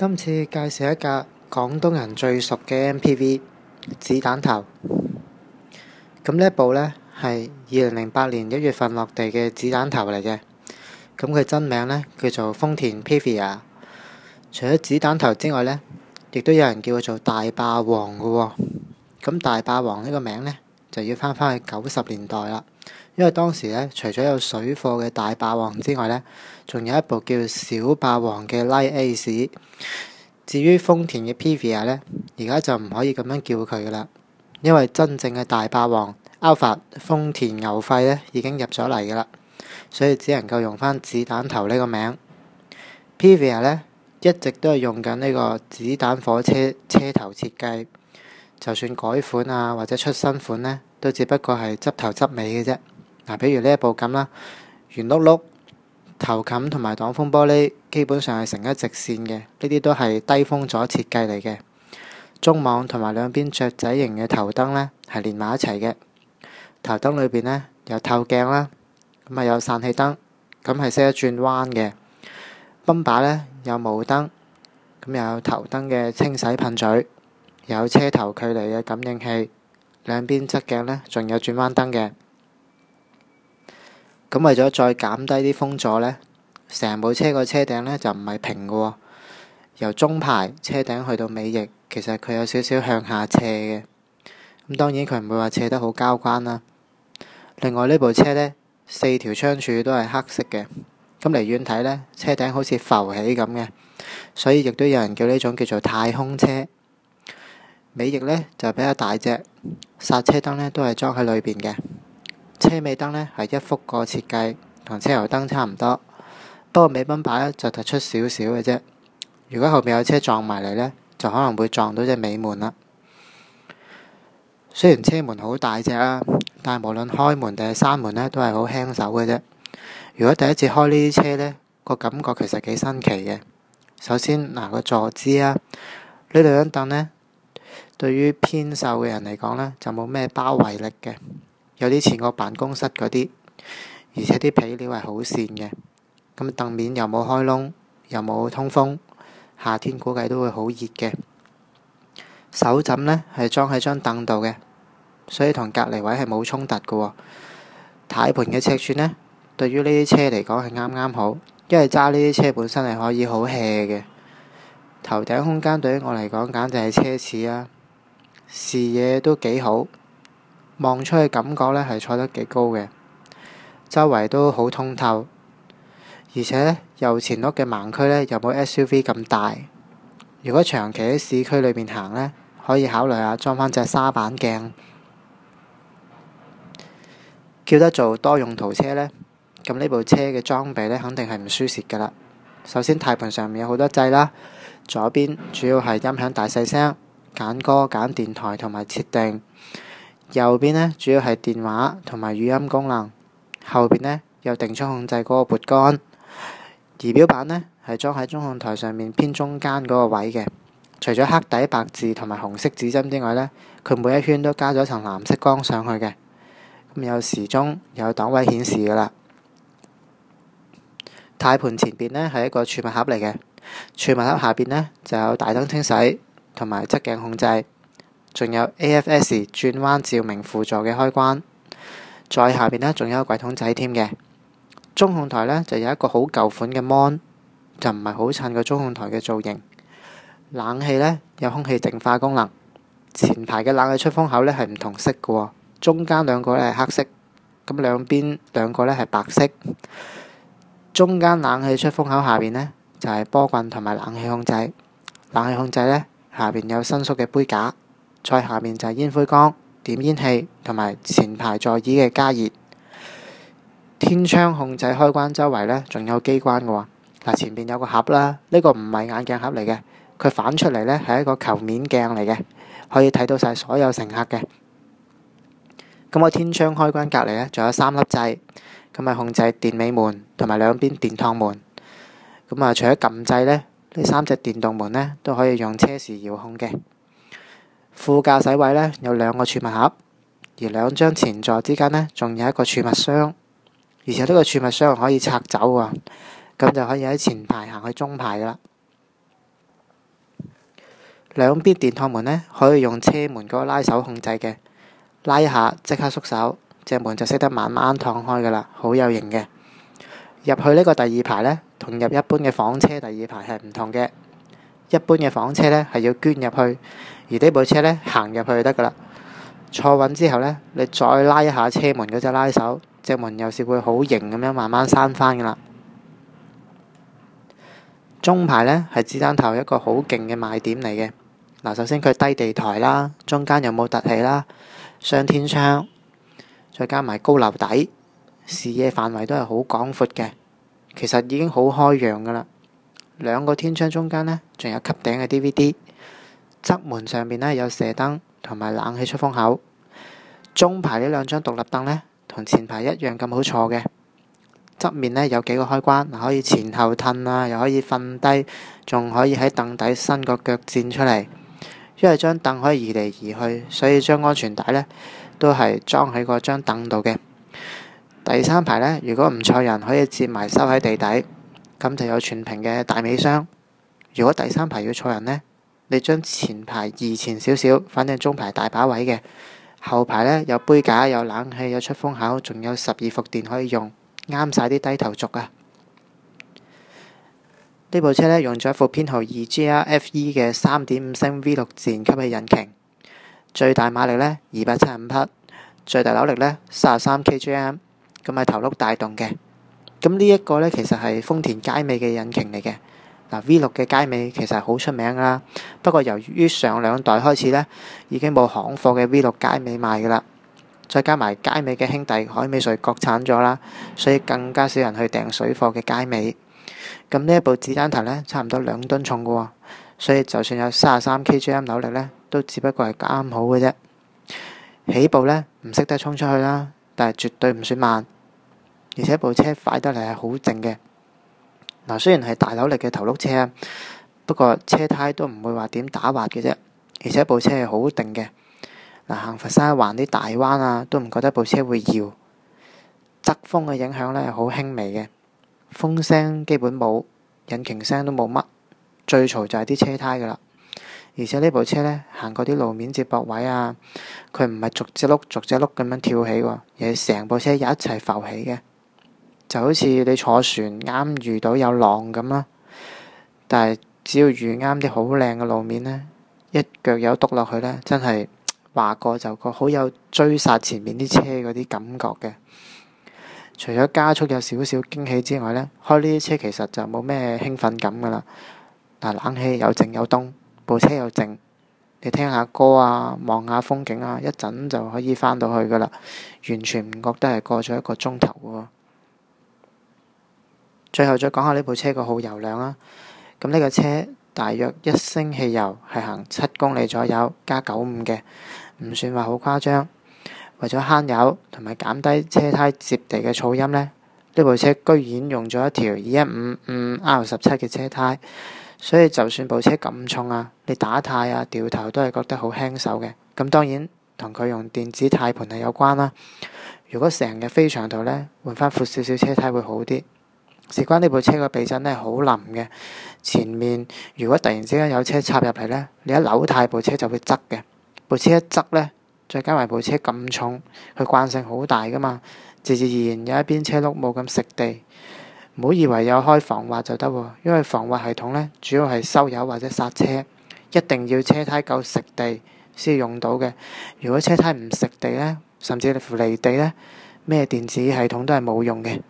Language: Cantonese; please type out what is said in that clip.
今次介紹一架廣東人最熟嘅 MPV，子彈頭。咁呢一部呢，係二零零八年一月份落地嘅子彈頭嚟嘅。咁佢真名呢，叫做豐田 Previa。除咗子彈頭之外呢，亦都有人叫佢做大霸王嘅喎、哦。咁大霸王呢個名呢，就要翻翻去九十年代啦。因為當時咧，除咗有水貨嘅大霸王之外咧，仲有一部叫小霸王嘅 Light Ace。至於豐田嘅 Previa 咧，而家就唔可以咁樣叫佢噶啦，因為真正嘅大霸王 Alpha 豐田牛肺咧已經入咗嚟噶啦，所以只能夠用翻子彈頭呢個名。Previa 咧一直都係用緊呢個子彈火車車頭設計，就算改款啊或者出新款咧，都只不過係執頭執尾嘅啫。嗱，比如呢一部咁啦，圓碌碌頭冚同埋擋風玻璃基本上係成一直線嘅，呢啲都係低風阻設計嚟嘅。中網同埋兩邊雀仔型嘅頭燈呢係連埋一齊嘅。頭燈裏邊呢有透鏡啦，咁啊有散氣燈，咁係識得轉彎嘅。泵把呢有霧燈，咁又有頭燈嘅清洗噴嘴，有車頭距離嘅感應器，兩邊側鏡呢仲有轉彎燈嘅。咁為咗再減低啲風阻呢，成部車個車頂呢就唔係平㗎喎，由中排車頂去到尾翼，其實佢有少少向下斜嘅。咁當然佢唔會話斜得好交關啦。另外呢部車呢，四條窗柱都係黑色嘅。咁離遠睇呢，車頂好似浮起咁嘅，所以亦都有人叫呢種叫做太空車。尾翼呢，就比較大隻，煞車燈呢都係裝喺裏邊嘅。車尾燈呢係一幅個設計，同車頭燈差唔多，不過尾泵把呢就突出少少嘅啫。如果後面有車撞埋嚟呢，就可能會撞到隻尾門啦。雖然車門好大隻啊，但係無論開門定係閂門呢，都係好輕手嘅啫。如果第一次開呢啲車呢，個感覺其實幾新奇嘅。首先嗱個、啊、坐姿啊，這個、椅子椅子呢兩張凳呢，對於偏瘦嘅人嚟講呢，就冇咩包圍力嘅。有啲似我辦公室嗰啲，而且啲皮料係好綿嘅，咁凳面又冇開窿，又冇通風，夏天估計都會好熱嘅。手枕呢係裝喺張凳度嘅，所以同隔離位係冇衝突嘅喎、哦。軚盤嘅尺寸呢，對於呢啲車嚟講係啱啱好，因為揸呢啲車本身係可以好 hea 嘅。頭頂空間對於我嚟講簡直係奢侈啊，視野都幾好。望出去感覺呢係坐得幾高嘅，周圍都好通透，而且呢，右前屋嘅盲區呢又冇 SUV 咁大。如果長期喺市區裏面行呢，可以考慮下裝翻隻沙板鏡，叫得做多用途車呢，咁呢部車嘅裝備呢肯定係唔輸蝕噶啦。首先，軚盤上面有好多掣啦，左邊主要係音響大細聲、揀歌、揀電台同埋設定。右邊呢主要係電話同埋語音功能，後邊呢有定速控制嗰個撥桿，儀表板呢係裝喺中控台上面偏中間嗰個位嘅。除咗黑底白字同埋紅色指針之外呢，佢每一圈都加咗層藍色光上去嘅。咁有時鐘，有檔位顯示㗎喇。軚盤前邊呢係一個儲物盒嚟嘅，儲物盒下邊呢就有大燈清洗同埋側鏡控制。仲有 A.F.S. 轉彎照明輔助嘅開關，再下邊呢，仲有一個櫃桶仔添嘅。中控台呢，就有一個好舊款嘅 Mon，就唔係好襯個中控台嘅造型。冷氣呢，有空氣淨化功能，前排嘅冷氣出風口呢係唔同色嘅喎，中間兩個呢係黑色，咁兩邊兩個呢係白色。中間冷氣出風口下邊呢，就係波棍同埋冷氣控制，冷氣控制呢，下邊有伸縮嘅杯架。再下面就係煙灰缸、點煙器同埋前排座椅嘅加熱、天窗控制開關周圍呢，仲有機關嘅喎。嗱，前面有個盒啦，呢個唔係眼鏡盒嚟嘅，佢反出嚟呢係一個球面鏡嚟嘅，可以睇到晒所有乘客嘅。咁個天窗開關隔籬呢，仲有三粒掣，咁啊控制電尾門同埋兩邊電趟門。咁啊，除咗撳掣呢，呢三隻電動門呢都可以用車匙遙控嘅。副駕駛位呢，有兩個儲物盒，而兩張前座之間呢，仲有一個儲物箱，而且呢個儲物箱可以拆走喎，咁就可以喺前排行去中排噶啦。兩邊電趟門呢，可以用車門嗰個拉手控制嘅，拉一下即刻縮手，隻門就識得慢慢趟開噶啦，好有型嘅。入去呢個第二排呢，同入一般嘅房車第二排係唔同嘅，一般嘅房車呢，係要捐入去。而呢部車呢，行入去就得噶啦。坐穩之後呢，你再拉一下車門嗰隻拉手，隻門又是會好型咁樣慢慢閂翻噶啦。中排呢，係子彈頭一個好勁嘅賣點嚟嘅嗱。首先佢低地台啦，中間又冇凸起啦，雙天窗，再加埋高樓底，視野範圍都係好廣闊嘅。其實已經好開揚噶啦。兩個天窗中間呢，仲有吸頂嘅 DVD。側門上面呢，有射燈同埋冷氣出風口，中排呢兩張獨立凳呢，同前排一樣咁好坐嘅。側面呢，有幾個開關，可以前後褪啊，又可以瞓低，仲可以喺凳底伸個腳墊出嚟。因為張凳可以移嚟移去，所以將安全帶呢，都係裝喺嗰張凳度嘅。第三排呢，如果唔坐人可以折埋收喺地底，咁就有全屏嘅大尾箱。如果第三排要坐人呢。你將前排移前少少，反正中排大把位嘅。後排呢，有杯架、有冷氣、有出風口，仲有十二伏電可以用，啱晒啲低頭族啊！呢部車呢，用咗副編號二 G R F E 嘅三點五升 V 六自然吸氣引擎，最大馬力呢，二百七十五匹，最大扭力呢，三十三 k g m，咁係頭轆帶動嘅。咁呢一個呢，其實係豐田佳美嘅引擎嚟嘅。嗱，V 六嘅佳美其實係好出名啦，不過由於上兩代開始呢已經冇行貨嘅 V 六佳美賣㗎啦，再加埋佳美嘅兄弟海美瑞國產咗啦，所以更加少人去訂水貨嘅佳美。咁呢一部子彈頭呢，差唔多兩噸重㗎喎，所以就算有三十三 kgm 扭力呢，都只不過係啱好嘅啫。起步呢，唔識得衝出去啦，但係絕對唔算慢，而且部車快得嚟係好靜嘅。嗱，雖然係大扭力嘅頭碌車啊，不過車胎都唔會話點打滑嘅啫，而且部車係好定嘅。嗱，行佛山環啲大彎啊，都唔覺得部車會搖，側風嘅影響咧係好輕微嘅，風聲基本冇，引擎聲都冇乜，最嘈就係啲車胎㗎喇。而且呢部車咧行過啲路面接駁位啊，佢唔係逐隻碌逐隻碌咁樣跳起喎，而係成部車一齊浮起嘅。就好似你坐船啱遇到有浪咁啦，但係只要遇啱啲好靚嘅路面呢，一腳油篤落去呢，真係話過就過，好有追殺前面啲車嗰啲感覺嘅。除咗加速有少少驚喜之外呢，開呢啲車其實就冇咩興奮感噶啦。但冷氣有靜有凍，部車有靜，你聽下歌啊，望下風景啊，一陣就可以翻到去噶啦，完全唔覺得係過咗一個鐘頭喎。最後再講下呢部車個耗油量啦。咁呢個車大約一升汽油係行七公里左右，加九五嘅，唔算話好誇張。為咗慳油同埋減低車胎接地嘅噪音呢，呢部車居然用咗一條二一五五 R 十七嘅車胎，所以就算部車咁重啊，你打軚啊、掉頭都係覺得好輕手嘅。咁當然同佢用電子軚盤係有關啦。如果成日飛長途呢，換翻闊少少車胎會好啲。事關呢部車個避震呢，好腍嘅。前面如果突然之間有車插入嚟呢，你一扭軚部車就會側嘅。部車一側呢，再加埋部車咁重，佢慣性好大㗎嘛，自自然然有一邊車轆冇咁食地。唔好以為有開防滑就得喎，因為防滑系統呢，主要係收油或者煞車，一定要車胎夠食地先用到嘅。如果車胎唔食地呢，甚至乎離地呢，咩電子系統都係冇用嘅。